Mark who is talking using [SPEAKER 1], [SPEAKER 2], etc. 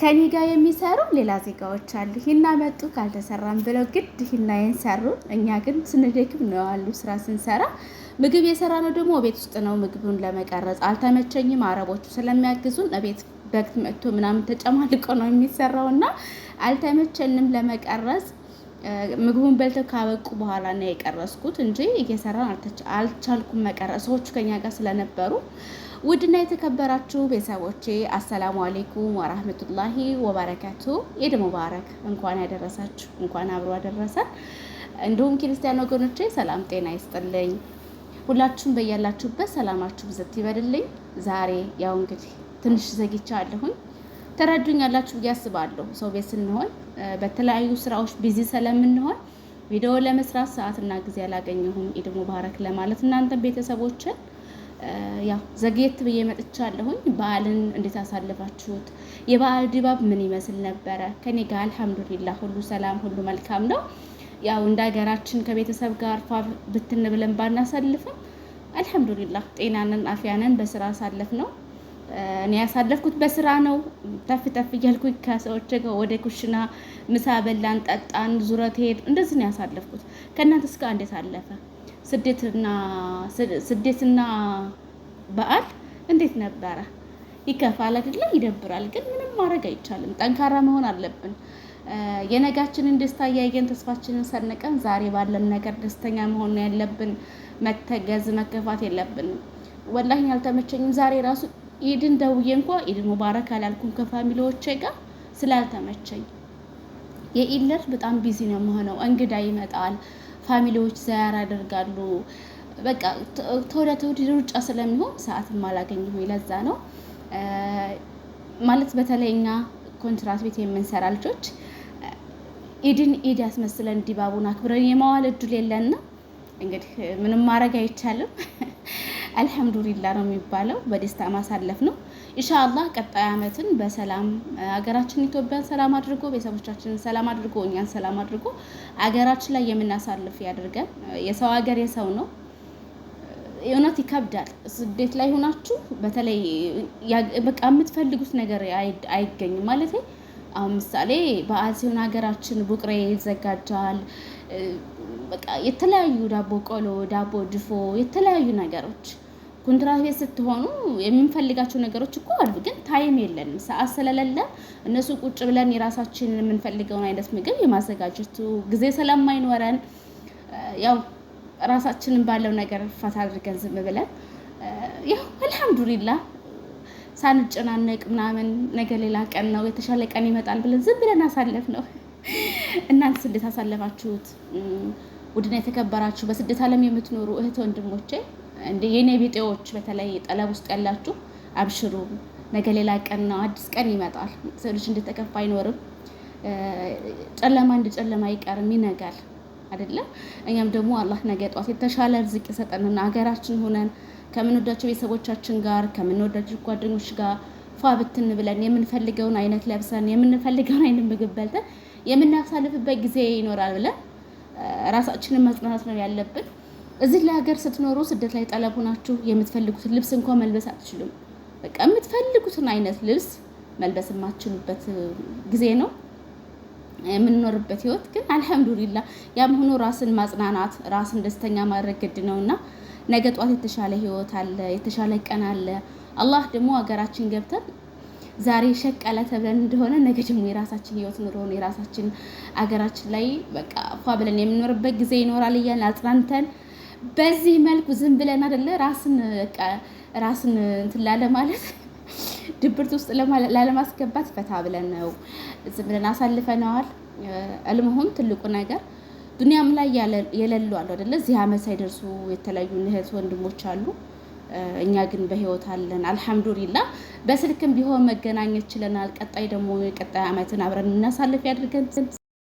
[SPEAKER 1] ከኔ ጋር የሚሰሩ ሌላ ዜጋዎች አሉ። ሂና መጡ ካልተሰራም ብለው ግድ ሂናዬን ሰሩ። እኛ ግን ስንደክም ነው ያሉ ስራ ስንሰራ ምግብ የሰራ ነው ደግሞ ቤት ውስጥ ነው ምግቡን ለመቀረጽ አልተመቸኝም። አረቦቹ ስለሚያግዙን ቤት በግት መጥቶ ምናምን ተጨማልቆ ነው የሚሰራው እና አልተመቸንም ለመቀረጽ ምግቡን በልተው ካበቁ በኋላ ነው የቀረስኩት እንጂ እየሰራን አልቻልኩም መቀረስ። ሰዎቹ ከኛ ጋር ስለነበሩ ውድና የተከበራችሁ ቤተሰቦቼ አሰላሙ አሌይኩም ወራህመቱላሂ ወበረከቱ። ኢድ ሙባረክ። እንኳን ያደረሳችሁ፣ እንኳን አብሮ አደረሰን። እንዲሁም ክርስቲያን ወገኖቼ ሰላም ጤና ይስጥልኝ። ሁላችሁም በያላችሁበት ሰላማችሁ ብዘት ይበልልኝ። ዛሬ ያው እንግዲህ ትንሽ ዘግቻ አለሁኝ ትረዱኛላችሁ ብዬ አስባለሁ። ሰው ቤት ስንሆን በተለያዩ ስራዎች ቢዚ ስለምንሆን ቪዲዮ ለመስራት ሰዓትና ጊዜ አላገኘሁም። ኢድ ሙባረክ ለማለት እናንተ ቤተሰቦችን ያው ዘግየት ብዬ መጥቻለሁኝ። በዓልን እንዴት አሳልፋችሁት? የበዓል ድባብ ምን ይመስል ነበረ? ከኔ ጋር አልሐምዱሊላ ሁሉ ሰላም፣ ሁሉ መልካም ነው። ያው እንደ ሀገራችን ከቤተሰብ ጋር ፋ ብትን ብለን ባናሳልፍም አልሐምዱሊላ ጤናንን አፍያንን በስራ አሳለፍ ነው። እኔ ያሳለፍኩት በስራ ነው። ተፍ ተፍ እያልኩ ከሰዎች ጋር ወደ ኩሽና ምሳ በላን፣ ጠጣን፣ ዙረት ሄድ እንደዚህ ነው ያሳለፍኩት። ከእናንተ እስከ እንዴት አለፈ? ስደትና ስደትና በዓል እንዴት ነበረ? ይከፋል አይደለ? ይደብራል። ግን ምንም ማድረግ አይቻልም። ጠንካራ መሆን አለብን። የነጋችንን ደስታ እያየን ተስፋችንን ሰንቀን ዛሬ ባለን ነገር ደስተኛ መሆን ያለብን። መተገዝ መከፋት የለብንም። ወላሂ አልተመቸኝም ዛሬ ራሱ ኢድን ደውዬ እንኳ ኢድ ሙባረክ አላልኩም ከፋሚሊዎቼ ጋር ስላልተመቸኝ። የኢድ በጣም ቢዚ ነው የምሆነው። እንግዳ ይመጣል፣ ፋሚሊዎች ዘያር ያደርጋሉ። በቃ ተወዳ ተወዲ ሩጫ ስለሚሆን ሰዓት ሆይ ለዛ ነው ማለት በተለይ እኛ ኮንትራት ቤት የምንሰራ ልጆች ኢድን ኢድ ያስመስለን ዲባቡን አክብረን የማዋል እድል የለና እንግዲህ ምንም ማድረግ አይቻልም። አልሐምዱሊላ ነው የሚባለው። በደስታ ማሳለፍ ነው ኢንሻአላህ። ቀጣይ አመትን በሰላም አገራችን ኢትዮጵያን ሰላም አድርጎ ቤተሰቦቻችንን ሰላም አድርጎ እኛን ሰላም አድርጎ አገራችን ላይ የምናሳልፍ ያደርገን የሰው ሀገር የሰው ነው። እውነት ይከብዳል። ስደት ላይ ሆናችሁ በተለይ በቃ የምትፈልጉት ነገር አይገኝም ማለት አሁን ምሳሌ በዓል ሲሆን ሀገራችን ቡቅሬ ይዘጋጃል። በቃ የተለያዩ ዳቦ ቆሎ፣ ዳቦ ድፎ፣ የተለያዩ ነገሮች ኮንትራት ቤት ስትሆኑ የምንፈልጋቸው ነገሮች እኮ አሉ፣ ግን ታይም የለንም። ሰዓት ስለሌለ እነሱ ቁጭ ብለን የራሳችንን የምንፈልገውን አይነት ምግብ የማዘጋጀቱ ጊዜ ስለማይኖረን ያው ራሳችንን ባለው ነገር ፈታ አድርገን ዝም ብለን ያው አልሐምዱሊላ ሳንጨናነቅ ምናምን ነገ ሌላ ቀን ነው የተሻለ ቀን ይመጣል ብለን ዝም ብለን አሳለፍ ነው። እናንተስ እንዴት አሳለፋችሁት? ውድና የተከበራችሁ በስደት ዓለም የምትኖሩ እህት ወንድሞቼ እንደ የኔ ቢጤዎች በተለይ ጠለብ ውስጥ ያላችሁ አብሽሩ፣ ነገ ሌላ ቀን ነው፣ አዲስ ቀን ይመጣል። ሰው ልጅ እንደተከፋ አይኖርም። ጨለማ እንደ ጨለማ አይቀርም፣ ይነጋል አይደለም። እኛም ደግሞ አላህ ነገ ጧት የተሻለ ርዝቅ ይሰጠንና ሀገራችን ሆነን ከምንወዳቸው ቤተሰቦቻችን ጋር ከምንወዳቸው ጓደኞች ጋር ፏ ብትን ብለን የምንፈልገውን አይነት ለብሰን የምንፈልገውን አይነት ምግብ በልተን የምናሳልፍበት ጊዜ ይኖራል ብለን ራሳችንን መጽናናት ነው ያለብን። እዚህ ለሀገር ስትኖሩ ስደት ላይ ጠለብ ናችሁ። የምትፈልጉትን ልብስ እንኳን መልበስ አትችሉም። በቃ የምትፈልጉትን አይነት ልብስ መልበስ የማትችሉበት ጊዜ ነው የምንኖርበት ህይወት። ግን አልሐምዱሊላ ያም ሆኖ ራስን ማጽናናት ራስን ደስተኛ ማድረግ ግድ ነው እና ነገ ጧት የተሻለ ህይወት አለ፣ የተሻለ ቀን አለ። አላህ ደግሞ ሀገራችን ገብተን ዛሬ ሸቀለ ተብለን እንደሆነ ነገ ደግሞ የራሳችን ህይወት ኑሮን የራሳችን አገራችን ላይ በቃ ፏ ብለን የምንኖርበት ጊዜ ይኖራል እያልን አጽናንተን በዚህ መልኩ ዝም ብለን አደለ ራስን ራስን እንትን ላለ ማለት ድብርት ውስጥ ላለማስገባት ፈታ ብለን ነው ዝም ብለን አሳልፈነዋል። አልመሆም ትልቁ ነገር ዱንያም ላይ የሌሉ አሉ አደለ፣ እዚህ ዓመት ሳይደርሱ የተለያዩ እህት ወንድሞች አሉ። እኛ ግን በህይወት አለን አልሐምዱሊላ። በስልክም ቢሆን መገናኘት ችለናል። ቀጣይ ደግሞ የቀጣይ አመትን አብረን እናሳልፍ ያድርገን።